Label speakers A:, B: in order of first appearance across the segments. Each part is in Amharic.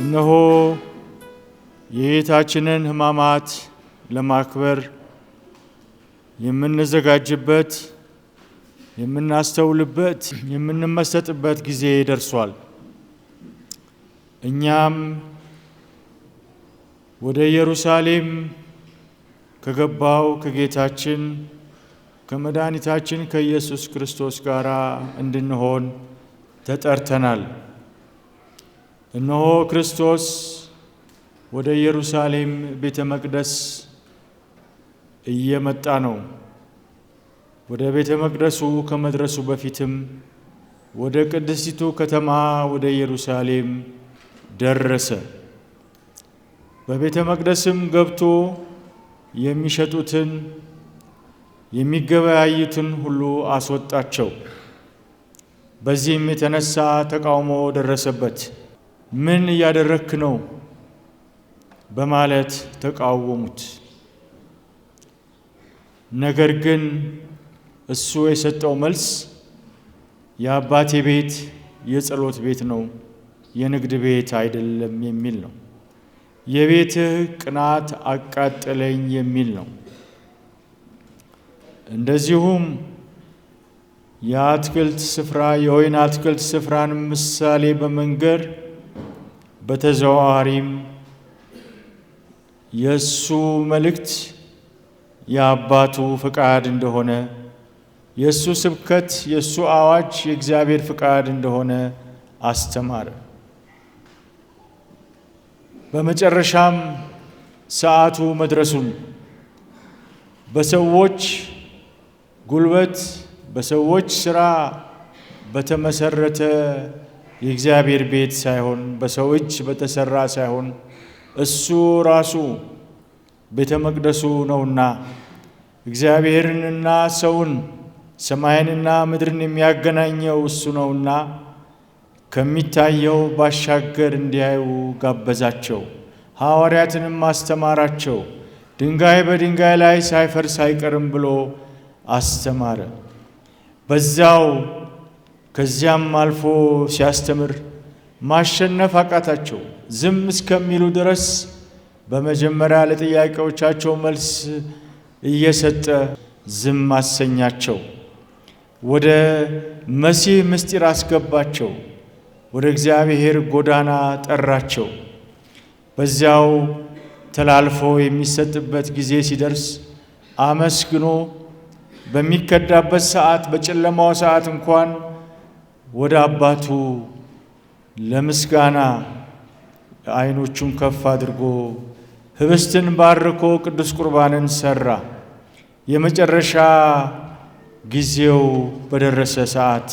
A: እነሆ የጌታችንን ሕማማት ለማክበር የምንዘጋጅበት፣ የምናስተውልበት፣ የምንመሰጥበት ጊዜ ደርሷል። እኛም ወደ ኢየሩሳሌም ከገባው ከጌታችን ከመድኃኒታችን ከኢየሱስ ክርስቶስ ጋር እንድንሆን ተጠርተናል። እነሆ ክርስቶስ ወደ ኢየሩሳሌም ቤተ መቅደስ እየመጣ ነው። ወደ ቤተ መቅደሱ ከመድረሱ በፊትም ወደ ቅድስቲቱ ከተማ ወደ ኢየሩሳሌም ደረሰ። በቤተ መቅደስም ገብቶ የሚሸጡትን የሚገበያዩትን ሁሉ አስወጣቸው። በዚህም የተነሳ ተቃውሞ ደረሰበት። ምን እያደረክ ነው በማለት ተቃወሙት። ነገር ግን እሱ የሰጠው መልስ የአባቴ ቤት የጸሎት ቤት ነው፣ የንግድ ቤት አይደለም የሚል ነው። የቤትህ ቅናት አቃጠለኝ የሚል ነው። እንደዚሁም የአትክልት ስፍራ የወይን አትክልት ስፍራን ምሳሌ በመንገር በተዘዋዋሪም የእሱ መልእክት የአባቱ ፍቃድ እንደሆነ የእሱ ስብከት የእሱ አዋጅ የእግዚአብሔር ፍቃድ እንደሆነ አስተማረ። በመጨረሻም ሰዓቱ መድረሱን በሰዎች ጉልበት፣ በሰዎች ስራ በተመሰረተ የእግዚአብሔር ቤት ሳይሆን በሰው እጅ በተሰራ ሳይሆን እሱ ራሱ ቤተ መቅደሱ ነውና እግዚአብሔርንና ሰውን ሰማይንና ምድርን የሚያገናኘው እሱ ነውና ከሚታየው ባሻገር እንዲያዩ ጋበዛቸው። ሐዋርያትንም አስተማራቸው። ድንጋይ በድንጋይ ላይ ሳይፈርስ አይቀርም ብሎ አስተማረ። በዛው ከዚያም አልፎ ሲያስተምር ማሸነፍ አቃታቸው። ዝም እስከሚሉ ድረስ በመጀመሪያ ለጥያቄዎቻቸው መልስ እየሰጠ ዝም አሰኛቸው። ወደ መሲህ ምስጢር አስገባቸው። ወደ እግዚአብሔር ጎዳና ጠራቸው። በዚያው ተላልፎ የሚሰጥበት ጊዜ ሲደርስ አመስግኖ በሚከዳበት ሰዓት፣ በጨለማው ሰዓት እንኳን ወደ አባቱ ለምስጋና አይኖቹን ከፍ አድርጎ ህብስትን ባርኮ ቅዱስ ቁርባንን ሰራ። የመጨረሻ ጊዜው በደረሰ ሰዓት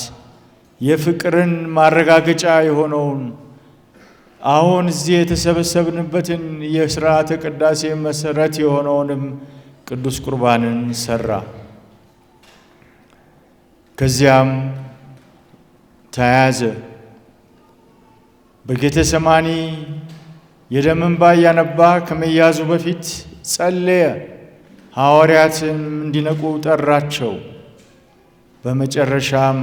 A: የፍቅርን ማረጋገጫ የሆነውን አሁን እዚህ የተሰበሰብንበትን የሥርዓተ ቅዳሴ መሠረት የሆነውንም ቅዱስ ቁርባንን ሰራ። ከዚያም ተያያዘ። በጌተሰማኒ የደም እንባ እያነባ ከመያዙ በፊት ጸለየ። ሐዋርያትም እንዲነቁ ጠራቸው። በመጨረሻም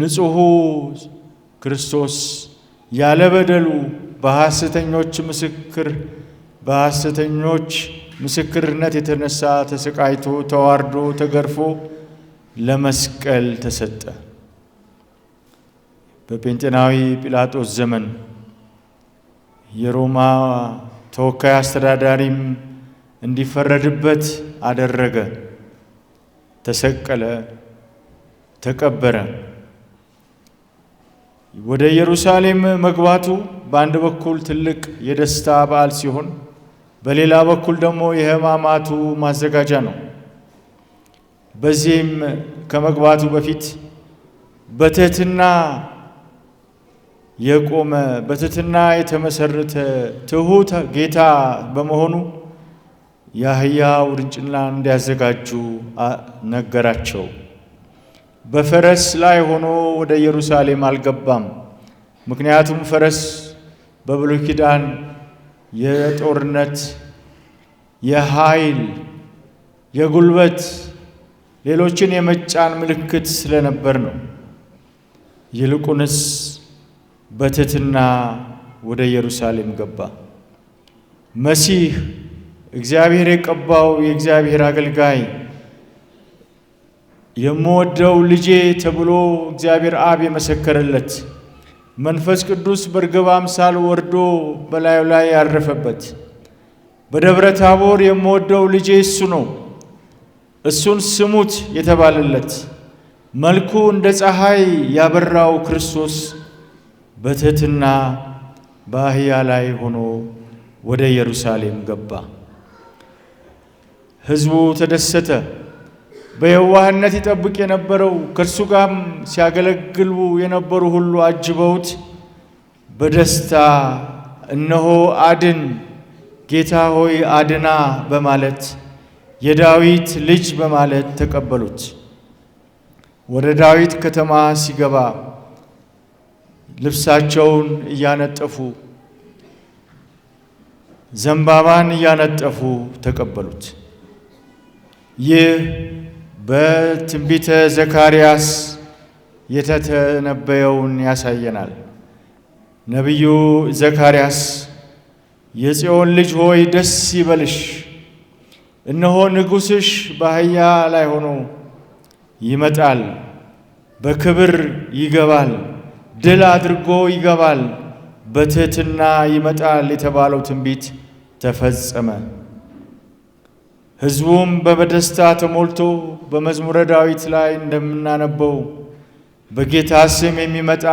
A: ንጹሑ ክርስቶስ ያለ በደሉ በሐሰተኞች ምስክር በሐሰተኞች ምስክርነት የተነሳ ተሰቃይቶ ተዋርዶ ተገርፎ ለመስቀል ተሰጠ። በጴንጤናዊ ጲላጦስ ዘመን የሮማ ተወካይ አስተዳዳሪም እንዲፈረድበት አደረገ። ተሰቀለ፣ ተቀበረ። ወደ ኢየሩሳሌም መግባቱ በአንድ በኩል ትልቅ የደስታ በዓል ሲሆን፣ በሌላ በኩል ደግሞ የሕማማቱ ማዘጋጃ ነው። በዚህም ከመግባቱ በፊት በትህትና የቆመ በትትና የተመሰረተ ትሁት ጌታ በመሆኑ የአህያ ውርንጭላ እንዲያዘጋጁ ነገራቸው። በፈረስ ላይ ሆኖ ወደ ኢየሩሳሌም አልገባም። ምክንያቱም ፈረስ በብሉይ ኪዳን የጦርነት፣ የኃይል፣ የጉልበት ሌሎችን የመጫን ምልክት ስለነበር ነው። ይልቁንስ በትህትና ወደ ኢየሩሳሌም ገባ። መሲህ እግዚአብሔር የቀባው የእግዚአብሔር አገልጋይ የምወደው ልጄ ተብሎ እግዚአብሔር አብ የመሰከረለት መንፈስ ቅዱስ በርግብ አምሳል ወርዶ በላዩ ላይ ያረፈበት በደብረ ታቦር የምወደው ልጄ እሱ ነው፣ እሱን ስሙት የተባለለት መልኩ እንደ ፀሐይ ያበራው ክርስቶስ በትህትና በአህያ ላይ ሆኖ ወደ ኢየሩሳሌም ገባ። ሕዝቡ ተደሰተ። በየዋህነት ይጠብቅ የነበረው ከእርሱ ጋርም ሲያገለግሉ የነበሩ ሁሉ አጅበውት በደስታ እነሆ አድን፣ ጌታ ሆይ አድና በማለት የዳዊት ልጅ በማለት ተቀበሉት። ወደ ዳዊት ከተማ ሲገባ ልብሳቸውን እያነጠፉ ዘንባባን እያነጠፉ ተቀበሉት። ይህ በትንቢተ ዘካርያስ የተተነበየውን ያሳየናል። ነቢዩ ዘካርያስ የጽዮን ልጅ ሆይ ደስ ይበልሽ፣ እነሆ ንጉሥሽ በአህያ ላይ ሆኖ ይመጣል፣ በክብር ይገባል ድል አድርጎ ይገባል፣ በትሕትና ይመጣል የተባለው ትንቢት ተፈጸመ። ሕዝቡም በደስታ ተሞልቶ በመዝሙረ ዳዊት ላይ እንደምናነበው በጌታ ስም የሚመጣ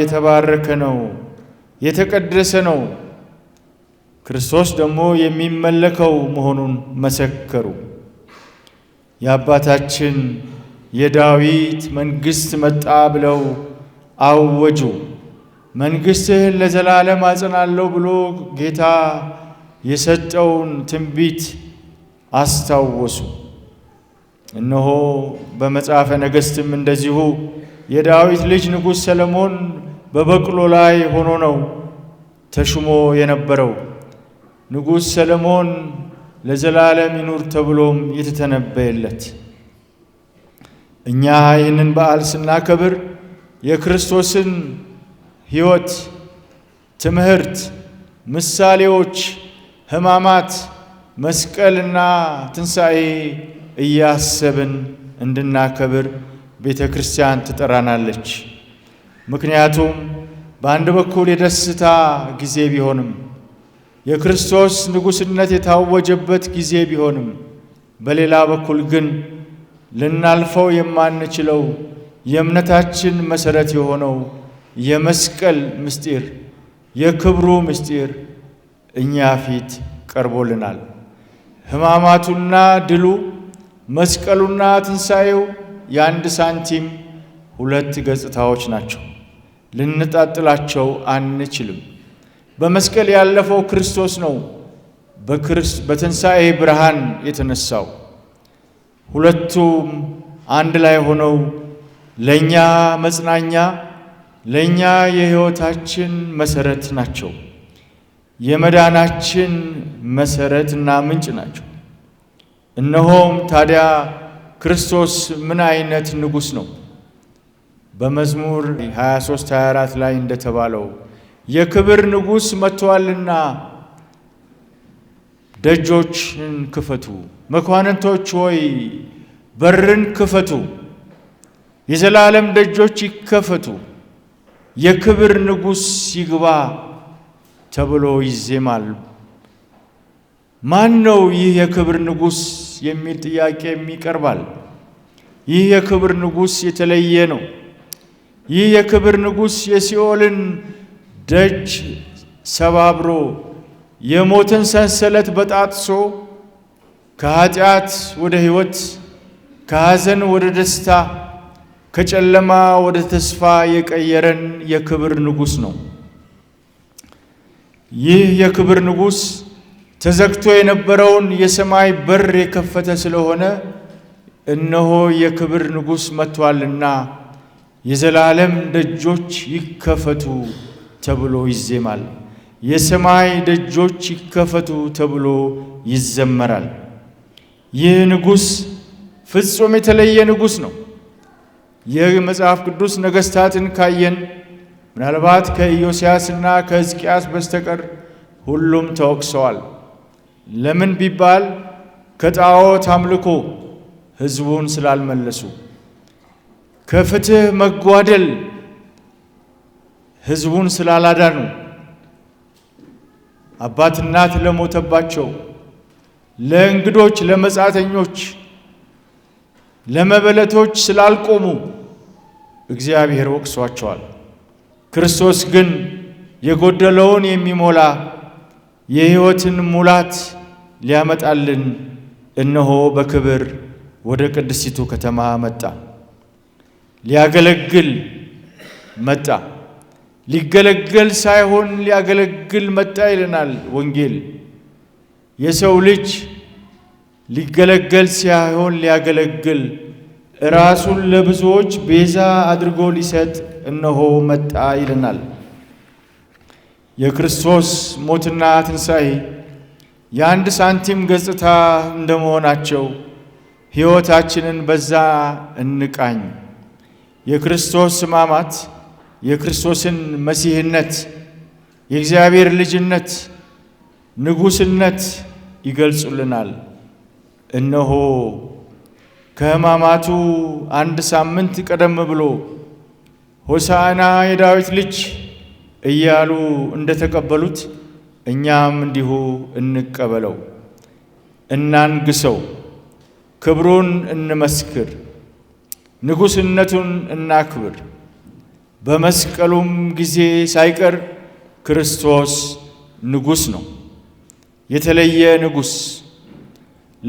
A: የተባረከ ነው፣ የተቀደሰ ነው፣ ክርስቶስ ደግሞ የሚመለከው መሆኑን መሰከሩ። የአባታችን የዳዊት መንግሥት መጣ ብለው አወጁ። መንግሥትህን ለዘላለም አጽናለሁ ብሎ ጌታ የሰጠውን ትንቢት አስታወሱ። እነሆ በመጽሐፈ ነገሥትም እንደዚሁ የዳዊት ልጅ ንጉሥ ሰለሞን በበቅሎ ላይ ሆኖ ነው ተሹሞ የነበረው። ንጉሥ ሰለሞን ለዘላለም ይኑር ተብሎም የተተነበየለት እኛ ይህንን በዓል ስናከብር የክርስቶስን ሕይወት፣ ትምህርት፣ ምሳሌዎች፣ ሕማማት፣ መስቀልና ትንሣኤ እያሰብን እንድናከብር ቤተ ክርስቲያን ትጠራናለች። ምክንያቱም በአንድ በኩል የደስታ ጊዜ ቢሆንም የክርስቶስ ንጉሥነት የታወጀበት ጊዜ ቢሆንም፣ በሌላ በኩል ግን ልናልፈው የማንችለው የእምነታችን መሠረት የሆነው የመስቀል ምስጢር የክብሩ ምስጢር እኛ ፊት ቀርቦልናል። ሕማማቱና ድሉ መስቀሉና ትንሣኤው የአንድ ሳንቲም ሁለት ገጽታዎች ናቸው። ልንጣጥላቸው አንችልም። በመስቀል ያለፈው ክርስቶስ ነው። በትንሣኤ ብርሃን የተነሳው ሁለቱም አንድ ላይ ሆነው ለእኛ መጽናኛ፣ ለእኛ የሕይወታችን መሰረት ናቸው። የመዳናችን መሰረትና እና ምንጭ ናቸው። እነሆም ታዲያ ክርስቶስ ምን አይነት ንጉሥ ነው? በመዝሙር 23 24 ላይ እንደተባለው የክብር ንጉሥ መጥቷልና ደጆችን ክፈቱ፣ መኳንንቶች ሆይ በርን ክፈቱ የዘላለም ደጆች ይከፈቱ፣ የክብር ንጉሥ ይግባ ተብሎ ይዜማል። ማን ነው ይህ የክብር ንጉሥ የሚል ጥያቄም ይቀርባል። ይህ የክብር ንጉሥ የተለየ ነው። ይህ የክብር ንጉሥ የሲኦልን ደጅ ሰባብሮ የሞትን ሰንሰለት በጣጥሶ ከኃጢአት ወደ ሕይወት ከሐዘን ወደ ደስታ ከጨለማ ወደ ተስፋ የቀየረን የክብር ንጉሥ ነው። ይህ የክብር ንጉሥ ተዘግቶ የነበረውን የሰማይ በር የከፈተ ስለሆነ እነሆ የክብር ንጉሥ መጥቷልና የዘላለም ደጆች ይከፈቱ ተብሎ ይዜማል። የሰማይ ደጆች ይከፈቱ ተብሎ ይዘመራል። ይህ ንጉሥ ፍጹም የተለየ ንጉሥ ነው። የመጽሐፍ ቅዱስ ነገሥታትን ካየን ምናልባት ከኢዮስያስና እና ከሕዝቅያስ በስተቀር ሁሉም ተወቅሰዋል። ለምን ቢባል ከጣዖት አምልኮ ሕዝቡን ስላልመለሱ፣ ከፍትህ መጓደል ሕዝቡን ስላላዳኑ፣ አባት እናት ለሞተባቸው፣ ለእንግዶች፣ ለመጻተኞች ለመበለቶች ስላልቆሙ እግዚአብሔር ወቅሷቸዋል። ክርስቶስ ግን የጎደለውን የሚሞላ የሕይወትን ሙላት ሊያመጣልን እነሆ በክብር ወደ ቅድስቲቱ ከተማ መጣ። ሊያገለግል መጣ። ሊገለገል ሳይሆን ሊያገለግል መጣ ይለናል ወንጌል። የሰው ልጅ ሊገለገል ሳይሆን ሊያገለግል ራሱን ለብዙዎች ቤዛ አድርጎ ሊሰጥ እነሆ መጣ ይለናል። የክርስቶስ ሞትና ትንሣኤ የአንድ ሳንቲም ገጽታ እንደመሆናቸው ሕይወታችንን በዛ እንቃኝ። የክርስቶስ ሕማማት የክርስቶስን መሲህነት፣ የእግዚአብሔር ልጅነት፣ ንጉሥነት ይገልጹልናል። እነሆ ከሕማማቱ አንድ ሳምንት ቀደም ብሎ ሆሳዕና የዳዊት ልጅ እያሉ እንደተቀበሉት እኛም እንዲሁ እንቀበለው፣ እናንግሰው፣ ክብሩን እንመስክር፣ ንጉሥነቱን እናክብር። በመስቀሉም ጊዜ ሳይቀር ክርስቶስ ንጉሥ ነው፣ የተለየ ንጉሥ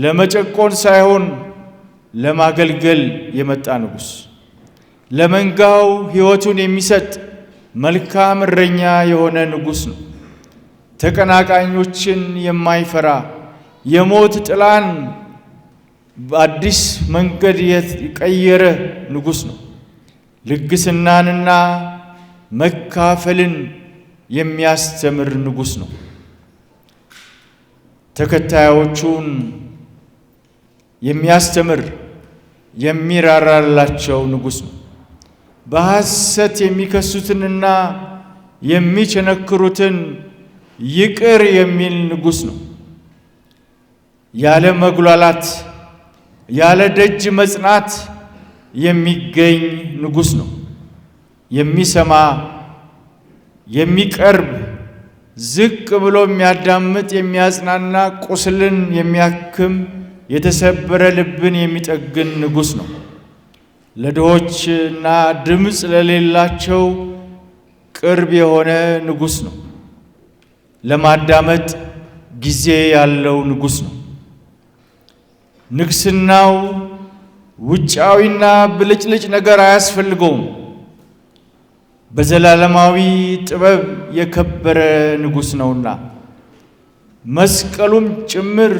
A: ለመጨቆን ሳይሆን ለማገልገል የመጣ ንጉሥ፣ ለመንጋው ሕይወቱን የሚሰጥ መልካም እረኛ የሆነ ንጉሥ ነው። ተቀናቃኞችን የማይፈራ የሞት ጥላን በአዲስ መንገድ የቀየረ ንጉሥ ነው። ልግስናንና መካፈልን የሚያስተምር ንጉሥ ነው። ተከታዮቹን የሚያስተምር የሚራራላቸው ንጉሥ ነው። በሐሰት የሚከሱትንና የሚቸነክሩትን ይቅር የሚል ንጉሥ ነው። ያለ መጉላላት ያለ ደጅ መጽናት የሚገኝ ንጉሥ ነው። የሚሰማ የሚቀርብ ዝቅ ብሎ የሚያዳምጥ የሚያጽናና ቁስልን የሚያክም የተሰበረ ልብን የሚጠግን ንጉሥ ነው። ለድሆችና ድምፅ ለሌላቸው ቅርብ የሆነ ንጉሥ ነው። ለማዳመጥ ጊዜ ያለው ንጉሥ ነው። ንግስናው ውጫዊና ብልጭልጭ ነገር አያስፈልገውም። በዘላለማዊ ጥበብ የከበረ ንጉሥ ነውና መስቀሉም ጭምር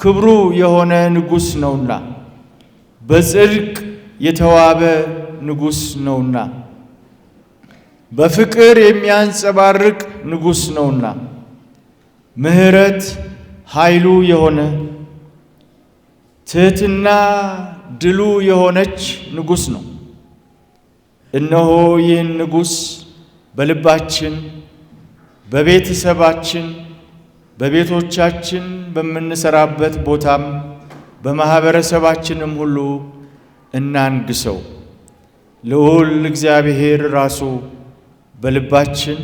A: ክብሩ የሆነ ንጉሥ ነውና በጽድቅ የተዋበ ንጉሥ ነውና በፍቅር የሚያንጸባርቅ ንጉሥ ነውና ምሕረት ኃይሉ የሆነ ትሕትና ድሉ የሆነች ንጉሥ ነው። እነሆ ይህን ንጉሥ በልባችን በቤተሰባችን በቤቶቻችን በምንሰራበት ቦታም በማኅበረሰባችንም ሁሉ እናንግሰው። ልዑል እግዚአብሔር ራሱ በልባችን፣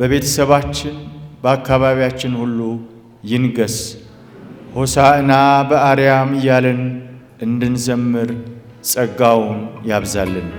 A: በቤተሰባችን፣ በአካባቢያችን ሁሉ ይንገስ። ሆሳዕና በአርያም እያልን እንድንዘምር ጸጋውን ያብዛልን።